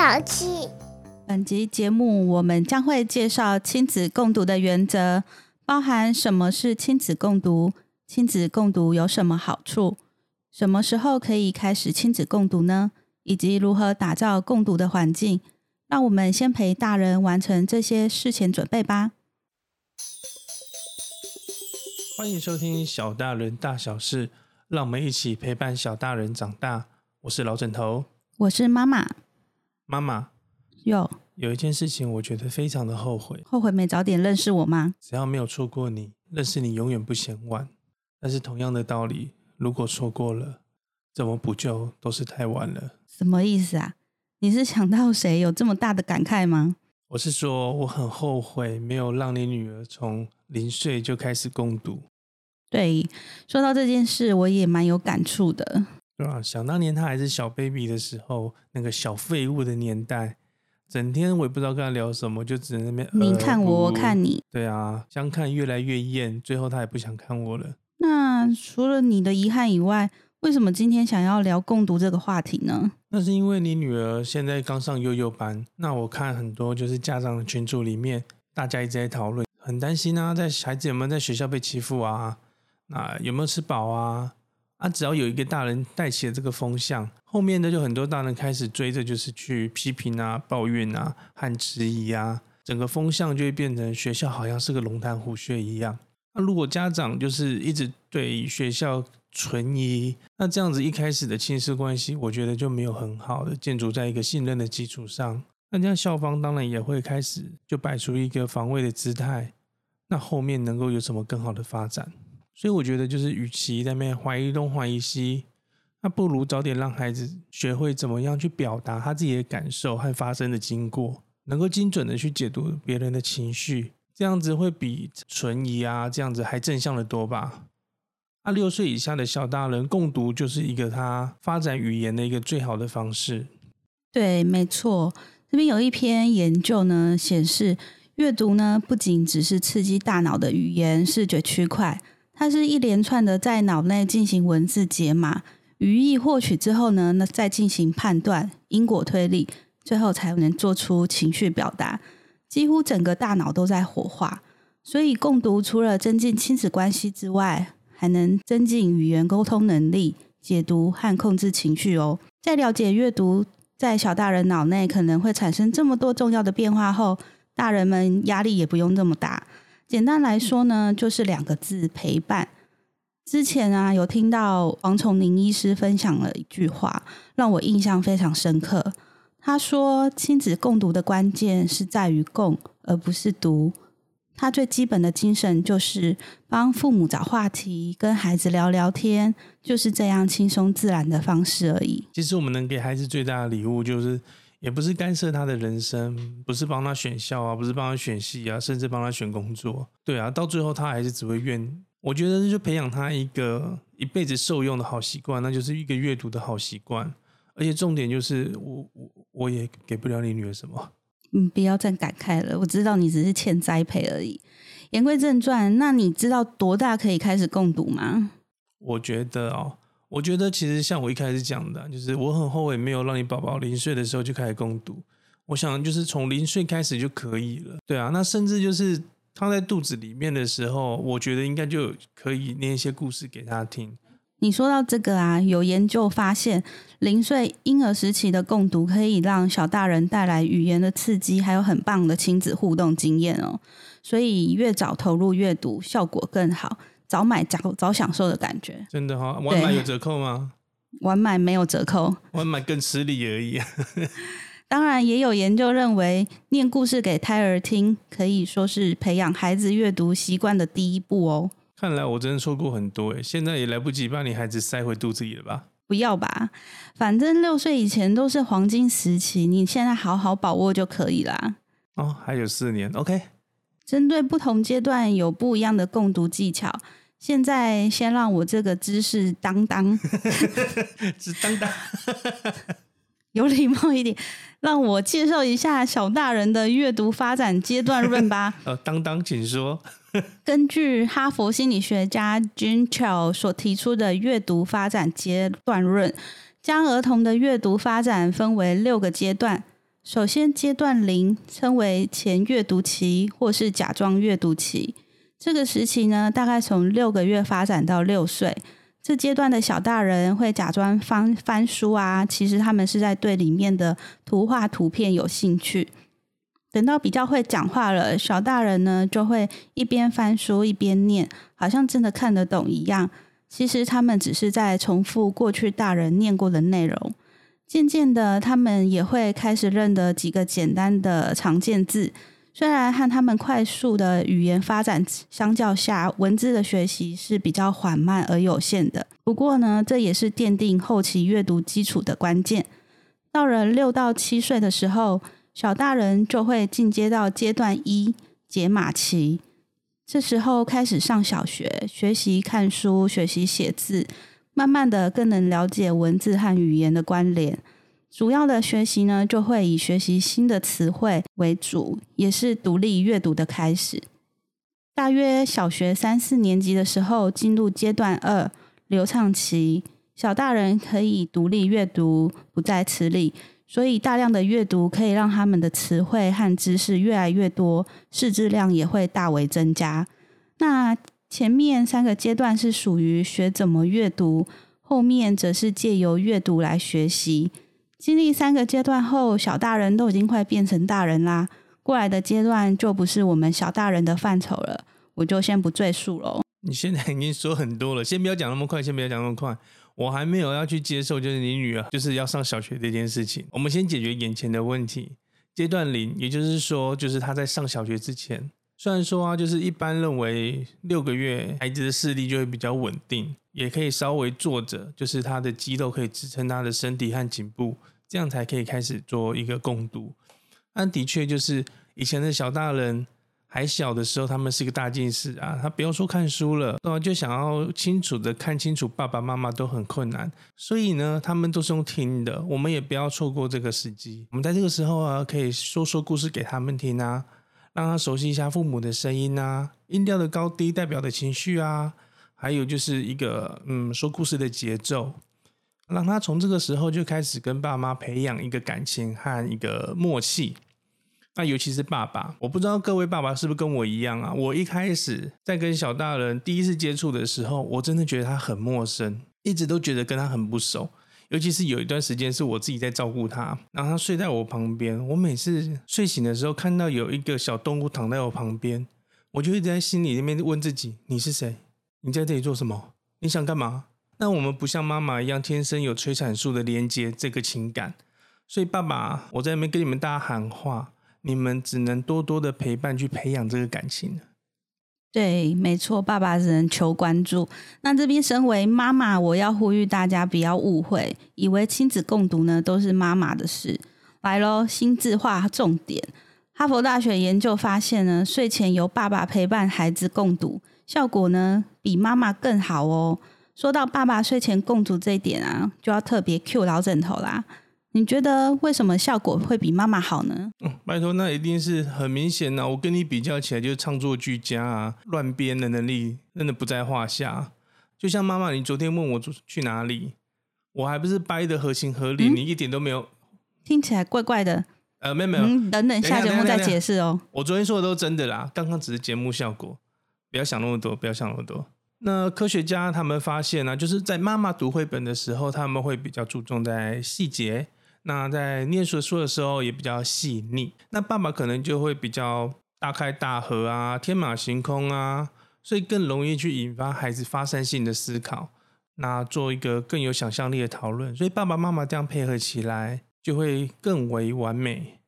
小七，本集節目我們將會介紹親子共讀的原則，包含什麼是親子共讀，親子共讀有什麼好處，什麼時候可以開始親子共讀呢？以及如何打造共讀的環境。讓我們先陪大人完成這些事前準備吧。歡迎收聽小大人大小事，讓我們一起陪伴小大人長大。我是老枕頭，我是媽媽。媽媽，有 Yo, 有一件事情，我覺得非常的後悔。後悔沒早點認識我嗎？只要沒有錯過你，認識你永遠不嫌晚。但是同樣的道理，如果錯過了，怎麼補救都是太晚了。什麼意思啊？你是想到誰有這麼大的感慨嗎？我是說，我很後悔沒有讓你女兒從零歲就開始共讀。對，說到這件事，我也蠻有感觸的。對啊，想當年他還是小 baby 的時候，那個小廢物的年代，整天我也不知道跟他聊什麼，就只能在那邊呃呃，你看我，我看你。對啊，相看越來越厭，最後他也不想看我了。那除了你的遺憾以外，為什麼今天想要聊共讀這個話題呢？那是因為你女兒現在剛上幼幼班，那我看很多就是家長的群組裡面，大家一直在討論，很擔心啊，在孩子有沒有在學校被欺負啊？那有沒有吃飽啊？啊，只要有一個大人帶起了這個風向，後面呢就很多大人開始追着，就是去批評啊、抱怨啊和質疑啊，整個風向就會變成學校好像是個龍潭虎穴一樣。那、啊、如果家長就是一直對學校存疑，那這樣子一開始的親師關係，我覺得就沒有很好的建築在一個信任的基礎上。那這樣校方當然也會開始就擺出一個防衛的姿態，那後面能夠有什麼更好的發展？所以我覺得，就是與其在那懷疑東懷疑西，那不如早點讓孩子學會怎麼樣去表達他自己的感受和發生的經過，能夠精準地去解讀別人的情緒，這樣子會比存疑啊這樣子還正向的多吧？啊，六歲以下的小大人共讀就是一個他發展語言的一個最好的方式。對，沒錯，這邊有一篇研究呢，顯示閱讀呢不僅只是刺激大腦的語言視覺區塊。它是一連串的在腦內進行文字解碼、語義獲取之後呢，再進行判斷、因果推理，最後才能做出情緒表達。幾乎整個大腦都在活化，所以共讀除了增進親子關係之外，還能增進語言溝通能力、解讀和控制情緒哦。在了解閱讀在小大人腦內可能會產生這麼多重要的變化後，大人們壓力也不用這麼大。簡單來說呢，就是兩個字陪伴。之前啊，有聽到黃瑽寧醫師分享了一句話，讓我印象非常深刻。他說，親子共讀的關鍵是在於共，而不是讀。他最基本的精神就是幫父母找話題，跟孩子聊聊天，就是這樣輕鬆自然的方式而已。其實，我們能給孩子最大的禮物就是。也不是干涉他的人生，不是幫他選校啊，不是幫他選系啊，甚至幫他選工作，對啊，到最後他還是只會怨。我覺得就培養他一個一輩子受用的好習慣，那就是一個閱讀的好習慣。而且重點就是，我我我也給不了你女兒什麼。嗯，不要再感慨了，我知道你只是欠栽培而已。言歸正傳，那你知道多大可以開始共讀嗎？我覺得哦。我覺得其實像我一開始講的，就是我很後悔沒有讓你寶寶零歲的時候就開始共讀。我想就是從零歲開始就可以了，對啊。那甚至就是他在肚子裡面的時候，我覺得應該就可以念一些故事給他聽。你說到這個啊，有研究發現，零歲嬰兒時期的共讀可以讓小大人帶來語言的刺激，還有很棒的親子互動經驗哦。所以越早投入閱讀，效果更好。早買早早享受的感覺，真的哈、哦！晚買有折扣嗎？晚買沒有折扣，晚買更吃力而已。 當然，也有研究認為，念故事給胎兒聽可以說是培養孩子閱讀習慣的第一步哦。看來我真的錯過很多誒，現在也來不及把你孩子塞回肚子裡了吧？不要吧，反正六歲以前都是黃金時期，你現在好好把握就可以啦。哦，還有四年，OK。針對不同階段有不一樣的共讀技巧。現在先讓我這個知識當當，只當當，有禮貌一點，讓我介紹一下小大人的閱讀發展階段論吧。呃，當當，請說。根據哈佛心理學家 Jeanne Chall 所提出的閱讀發展階段論，將兒童的閱讀發展分為六個階段。首先，階段零稱為前閱讀期，或是假裝閱讀期。這個時期呢，大概從六個月發展到六歲。這階段的小大人會假裝翻翻書啊，其實他們是在對裡面的圖畫、圖片有興趣。等到比較會講話了，小大人呢就會一邊翻書一邊念，好像真的看得懂一樣。其實他們只是在重複過去大人念過的內容。漸漸的，他們也會開始認得幾個簡單的常見字。雖然和他們快速的語言發展相較下，文字的學習是比較緩慢而有限的。不過呢，這也是奠定後期閱讀基礎的關鍵。到了六到七歲的時候，小大人就會進階到階段一，解碼期。這時候開始上小學，學習看書，學習寫字。慢慢的更能了解文字和語言的關聯，主要的學習呢，就會以學習新的詞彙為主，也是獨立閱讀的開始。大約小學三四年級的時候，進入階段二，流暢期，小大人可以獨立閱讀，不再吃力，所以大量的閱讀可以讓他們的詞彙和知識越來越多，識字量也會大為增加。那前面三個階段是屬於學怎麼閱讀，後面則是借由閱讀來學習。經歷三個階段後，小大人都已經快變成大人啦。過來的階段就不是我們小大人的範疇了，我就先不贅述嘍。你現在已經說很多了，先不要講那麼快，先不要講那麼快。我還沒有要去接受，就是你女兒就是要上小學這件事情。我們先解決眼前的問題。階段零，也就是說，就是她在上小學之前。雖然說啊，就是一般認為六個月孩子的視力就會比較穩定，也可以稍微坐着，就是他的肌肉可以支撐他的身體和頸部，這樣才可以開始做一個共讀。那的確就是以前的小大人還小的時候，他們是個大近視啊，他不要說看書了，啊，就想要清楚的看清楚爸爸媽媽都很困難，所以呢，他們都是用聽的。我們也不要錯過這個時機，我們在這個時候啊，可以說說故事給他們聽啊。讓他熟悉一下父母的聲音啊，音調的高低代表的情緒啊，還有就是一個嗯說故事的節奏，讓他從這個時候就開始跟爸媽培養一個感情和一個默契。那尤其是爸爸，我不知道各位爸爸是不是跟我一樣啊，我一開始在跟小大人第一次接觸的時候，我真的覺得他很陌生，一直都覺得跟他很不熟。尤其是有一段時間是我自己在照顧他，然後他睡在我旁邊。我每次睡醒的時候，看到有一個小動物躺在我旁邊，我就一直在心裡那邊問自己：你是誰？你在這裡做什麼？你想幹嘛？那我們不像媽媽一樣天生有催產素的連接這個情感，所以爸爸，我在那邊跟你們大家喊話，你們只能多多的陪伴去培養這個感情。對，沒錯，爸爸只能求關注。那這邊身為媽媽，我要呼籲大家不要誤會，以為親子共讀呢都是媽媽的事。來嘍，新字畫重點。哈佛大學研究發現呢，睡前由爸爸陪伴孩子共讀，效果呢比媽媽更好哦。說到爸爸睡前共讀這一點啊，就要特別 cue 老枕頭啦。你覺得為什麼效果會比媽媽好呢？嗯，拜託，那一定是很明顯的、啊。我跟你比較起來，就是唱作俱佳啊，亂編的能力真的不在話下。就像媽媽，你昨天問我去哪裡，我還不是掰的合情合理？嗯、你一點都沒有，聽起來怪怪的。呃，沒有沒有，嗯、等等下節目再解釋哦、喔。我昨天說的都是真的啦，剛剛只是節目效果。不要想那麼多，不要想那麼多。那科學家他們發現呢、啊，就是在媽媽讀繪本的時候，他們會比較注重在細節。那在念書的時候也比較細膩，那爸爸可能就會比較大開大合啊，天馬行空啊，所以更容易去引發孩子發散性的思考，那做一個更有想象力的討論。所以爸爸媽媽這樣配合起來就會更為完美。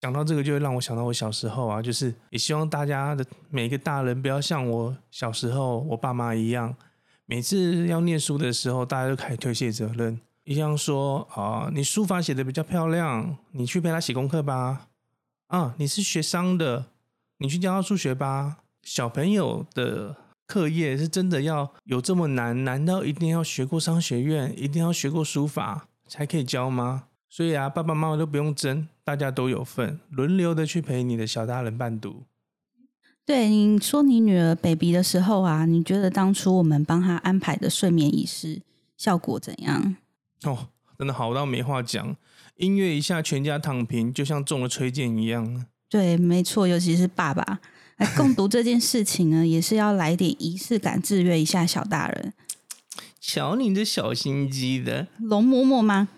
講到這個，就會讓我想到我小時候啊，就是也希望大家的每一個大人不要像我小時候我爸媽一樣，每次要念書的時候，大家都開始推卸責任。一樣說啊，哦，你書法寫的比較漂亮，你去陪他寫功課吧。啊，你是學商的，你去教他數學吧。小朋友的課業是真的要有這麼難？難道一定要學過商學院，一定要學過書法才可以教嗎？所以啊，爸爸媽媽都不用爭，大家都有份，輪流的去陪你的小大人伴讀。對，你說你女兒 baby 的時候啊，你覺得當初我們幫她安排的睡眠儀式效果怎樣？哦，真的好到沒話講，音樂一下全家躺平，就像中了催眠一樣。對，沒錯，尤其是爸爸，來共讀這件事情呢， 也是要來點儀式感，制約一下小大人。瞧你這小心機的，容嬤嬤嗎？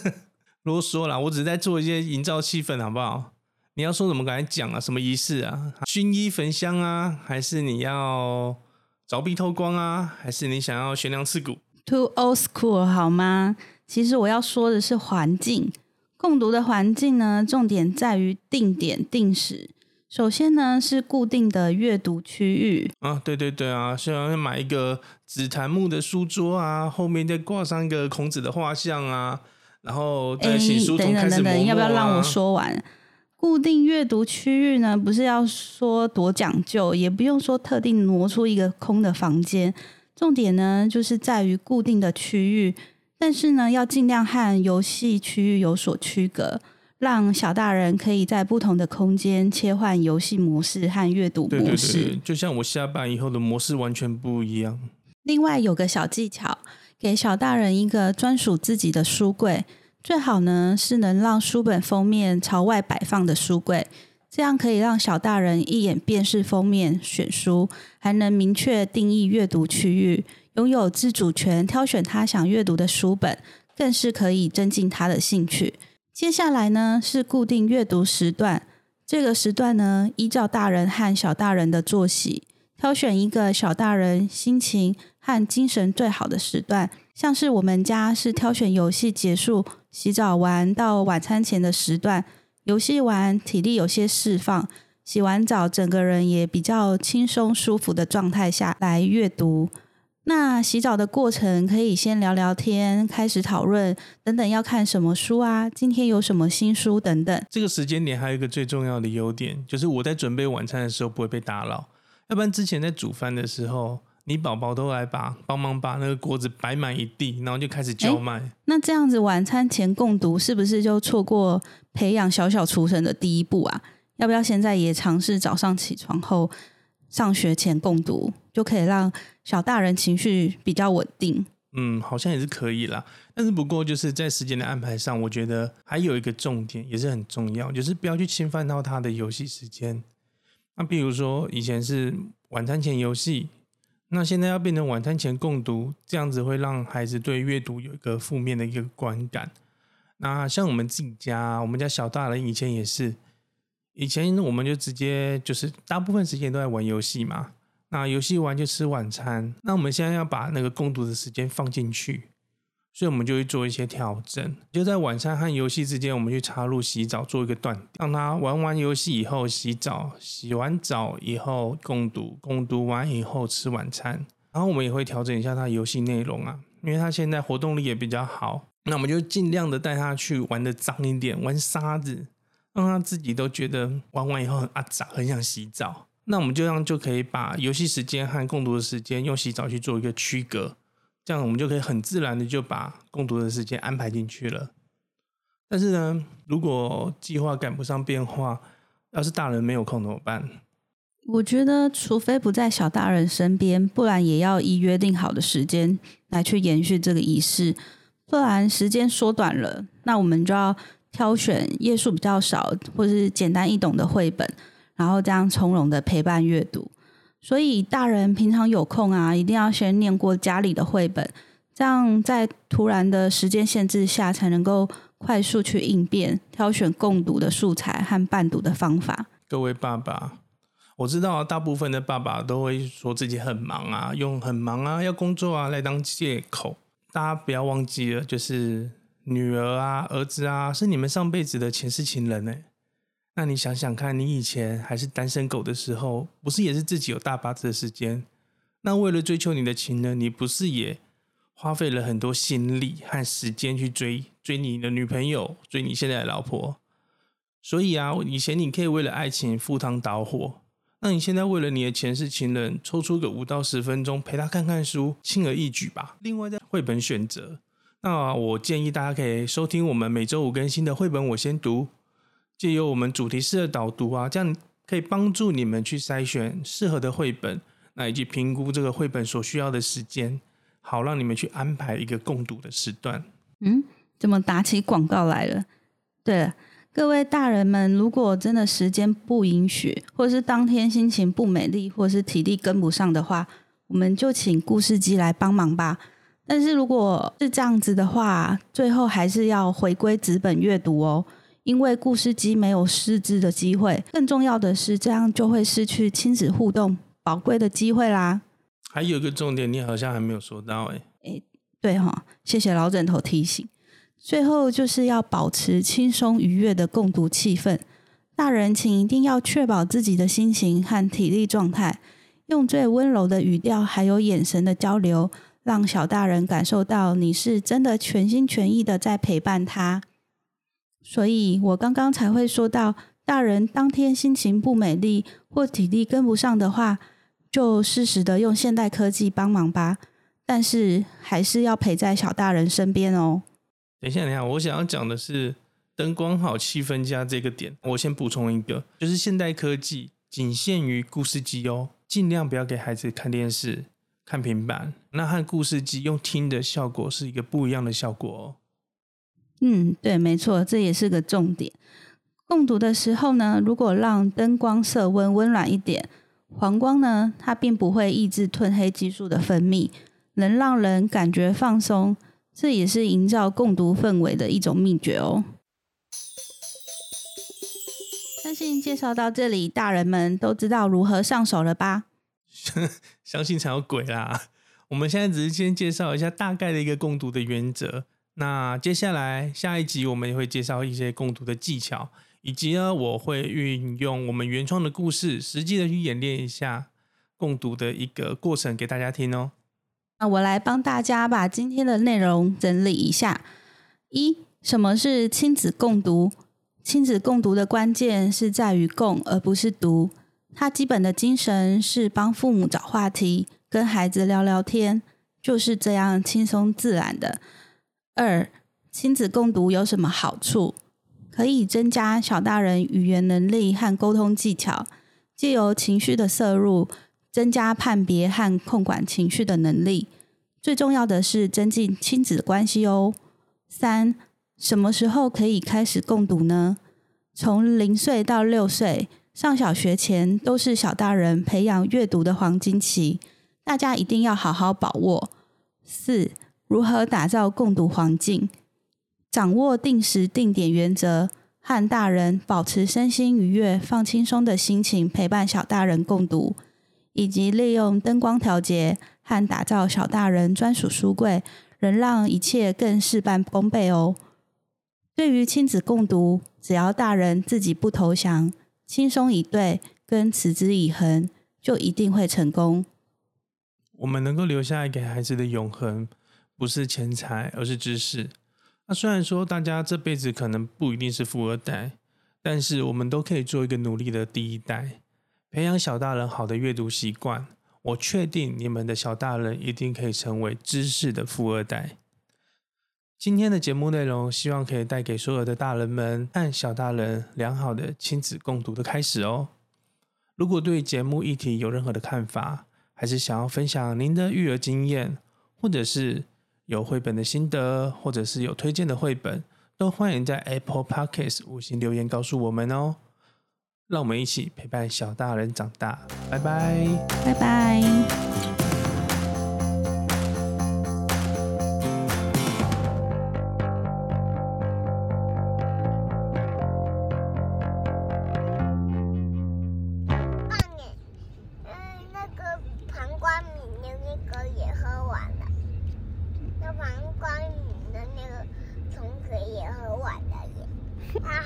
囉嗦啦，我只是在做一些營造氣氛，好不好？你要說什麼，趕緊講啊！什麼儀式啊？薰衣焚香啊？還是你要鑿壁偷光啊？還是你想要懸梁刺股？Too old school 好嗎？其實我要說的是環境。共讀的環境呢，重點在於定點、定時。首先呢，是固定的閱讀區域。啊，對對對啊，想要買一個紫檀木的書桌啊，後面再掛上一個孔子的畫像啊，然後再寫書從開始磨、啊。等等等等，要不要讓我說完？啊、固定閱讀區域呢，不是要說多講究，也不用說特定挪出一個空的房間。重點呢，就是在於固定的區域，但是呢，要儘量和遊戲區域有所區隔，讓小大人可以在不同的空間切換遊戲模式和閱讀模式。對對對，就像我下班以後的模式完全不一樣。另外有個小技巧，給小大人一個專屬自己的書櫃，最好呢，是能讓書本封面朝外擺放的書櫃。這樣可以讓小大人一眼辨識封面選書，還能明確定義閱讀區域，擁有自主權挑選他想閱讀的書本，更是可以增進他的興趣。接下來呢，是固定閱讀時段，這個時段呢，依照大人和小大人的作息，挑選一個小大人心情和精神最好的時段，像是我們家是挑選遊戲結束、洗澡完到晚餐前的時段。遊戲完，體力有些釋放；洗完澡，整個人也比較輕鬆舒服的狀態下來閱讀。那洗澡的過程可以先聊聊天，開始討論等等要看什麼書啊，今天有什麼新書等等。這個時間點還有一個最重要的優點，就是我在準備晚餐的時候不會被打擾，要不然之前在煮飯的時候。你寶寶都來把幫忙把那個鍋子擺滿一地，然後就開始叫賣。欸、那這樣子晚餐前共讀是不是就錯過培養小小廚神的第一步啊？要不要現在也嘗試早上起床後上學前共讀，就可以讓小大人情緒比較穩定？嗯，好像也是可以啦。但是不過就是在時間的安排上，我覺得還有一個重點也是很重要，就是不要去侵犯到他的遊戲時間。那比如說以前是晚餐前遊戲。那現在要變成晚餐前共讀，這樣子會讓孩子對閱讀有一個負面的一個觀感。那像我們自己家，我們家小大人以前也是，以前我們就直接就是大部分時間都在玩遊戲嘛。那遊戲完就吃晚餐。那我們現在要把那個共讀的時間放進去。所以我們就會做一些調整，就在晚餐和遊戲之間，我們去插入洗澡，做一個斷，讓他玩完遊戲以後洗澡，洗完澡以後共讀，共讀完以後吃晚餐。然後我們也會調整一下他遊戲內容啊，因為他現在活動力也比較好，那我們就盡量的帶他去玩的髒一點，玩沙子，讓他自己都覺得玩完以後很阿雜，很想洗澡。那我們就這樣就可以把遊戲時間和共讀的時間用洗澡去做一個區隔。這樣我們就可以很自然的就把共讀的時間安排進去了。但是呢，如果計劃趕不上變化，要是大人沒有空怎麼辦？我覺得，除非不在小大人身邊，不然也要以約定好的時間來去延續這個儀式。不然時間縮短了，那我們就要挑選頁數比較少或是簡單易懂的繪本，然後這樣從容的陪伴閱讀。所以大人平常有空啊，一定要先念過家裡的繪本，這樣在突然的時間限制下，才能夠快速去應變，挑選共讀的素材和伴讀的方法。各位爸爸，我知道大部分的爸爸都會說自己很忙啊，用很忙啊、要工作啊來當借口。大家不要忘記了，就是女兒啊、兒子啊，是你們上輩子的前世情人呢、欸。那你想想看，你以前還是單身狗的時候，不是也是自己有大把的時間？那為了追求你的情人，你不是也花費了很多心力和時間去追追你的女朋友，追你現在的老婆？所以啊，以前你可以為了愛情赴湯蹈火，那你現在為了你的前世情人抽出個五到十分鐘陪他看看書，輕而易舉吧？另外，在繪本選擇，那、啊、我建議大家可以收聽我們每週五更新的繪本，我先讀。借由我們主題式的導讀啊，這樣可以幫助你們去篩選適合的繪本，那以及評估這個繪本所需要的時間，好讓你們去安排一個共讀的時段。嗯，怎麼打起廣告來了？對了，各位大人們，如果真的時間不允許，或者是當天心情不美麗，或者是體力跟不上的話，我們就請故事機來幫忙吧。但是如果是這樣子的話，最後還是要回歸紙本閱讀哦。因為故事機沒有試字的機會，更重要的是，這樣就會失去親子互動寶貴的機會啦。還有一個重點，你好像還沒有說到誒。誒，對哈，謝謝老枕頭提醒。最後就是要保持輕鬆愉悅的共讀氣氛。大人，請一定要確保自己的心情和體力狀態，用最溫柔的語調還有眼神的交流，讓小大人感受到你是真的全心全意的在陪伴他。所以我剛剛才會說到，大人當天心情不美麗或體力跟不上的話，就適時的用現代科技幫忙吧。但是還是要陪在小大人身邊哦。等一下，等一下，我想要講的是燈光好氣氛佳這個點，我先補充一個，就是現代科技僅限於故事機哦，盡量不要給孩子看電視、看平板，那和故事機用聽的效果是一個不一樣的效果哦。嗯，對，沒錯，這也是個重點。共讀的時候呢，如果讓燈光色溫溫暖一點，黃光呢，它並不會抑制褪黑激素的分泌，能讓人感覺放鬆，這也是營造共讀氛圍的一種秘訣哦。相信介紹到這裡，大人們都知道如何上手了吧？ 相信才有鬼啦！我們現在只是先介紹一下大概的一個共讀的原則。那接下來下一集，我們也會介紹一些共讀的技巧，以及呢，我會運用我們原創的故事，實際的去演練一下共讀的一個過程給大家聽哦。那我來幫大家把今天的內容整理一下：一，什麼是親子共讀？親子共讀的關鍵是在於“共”，而不是“讀”。他基本的精神是幫父母找話題，跟孩子聊聊天，就是這樣輕鬆自然的。二、親子共讀有什麼好處？可以增加小大人語言能力和溝通技巧，借由情緒的攝入，增加判別和控管情緒的能力。最重要的是增進親子關係哦。三、什麼時候可以開始共讀呢？從零歲到六歲，上小學前都是小大人培養閱讀的黃金期，大家一定要好好把握。四。如何打造共讀環境？掌握定時定點原則，和大人保持身心愉悅、放輕鬆的心情，陪伴小大人共讀，以及利用燈光調節和打造小大人專屬書櫃，能讓一切更事半功倍哦。對於親子共讀，只要大人自己不投降，輕鬆以對，跟持之以恆，就一定會成功。我們能夠留下來給孩子的永恆，不是錢財，而是知識。那、啊、雖然說大家這輩子可能不一定是富二代，但是我們都可以做一個努力的第一代，培養小大人好的閱讀習慣。我確定你們的小大人一定可以成為知識的富二代。今天的節目內容，希望可以帶給所有的大人們和小大人良好的親子共讀的開始哦。如果對節目議題有任何的看法，還是想要分享您的育兒經驗，或者是。有繪本的心得，或者是有推薦的繪本，都歡迎在 Apple Podcast 五星留言告訴我們哦。讓我們一起陪伴小大人長大，拜拜，拜拜。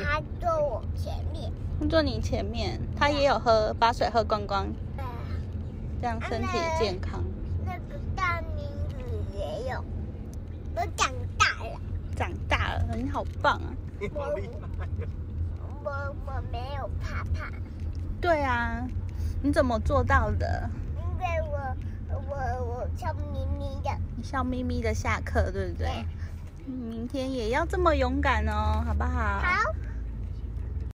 他坐我前面，坐你前面。他也有喝，對把水喝光光，對啊、這樣身體也健康。那個大明子也有，我長大了，長大了，你好棒啊！啊我我，我沒有怕怕。對啊，你怎麼做到的？因為我我我笑眯眯的，你笑眯眯的下課，對不對？你對明天也要這麼勇敢哦，好不好？好。